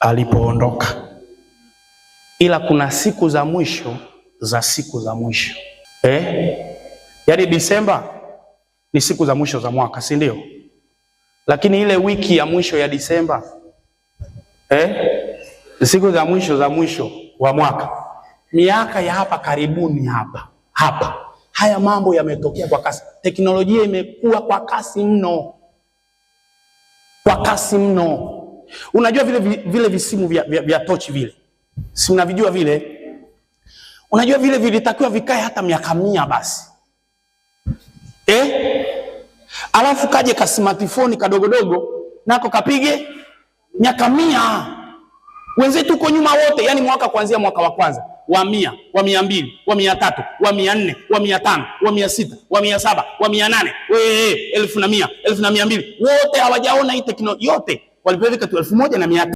alipoondoka, ila kuna siku za mwisho za siku za mwisho eh? Yaani Disemba ni siku za mwisho za mwaka, si ndio? Lakini ile wiki ya mwisho ya Disemba eh? siku za mwisho za mwisho wa mwaka, miaka ya hapa karibuni hapa hapa, haya mambo yametokea kwa kasi. Teknolojia imekuwa kwa kasi mno, kwa kasi mno Unajua vile vile visimu vya, vya, vya tochi vile, si mnavijua vile? Unajua vile vilitakiwa vikae hata miaka mia basi eh? Alafu kaje ka smartphone kadogodogo nako kapige miaka mia. Wenzetu huko nyuma wote, yani mwaka kuanzia mwaka wa kwanza wa mia wa mia mbili wa mia tatu wa mia nne wa mia tano wa mia sita wa mia saba wa mia nane elfu na mia elfu na mia mbili wote hawajaona hii teknolojia yote walipeleka tu elfu moja na mia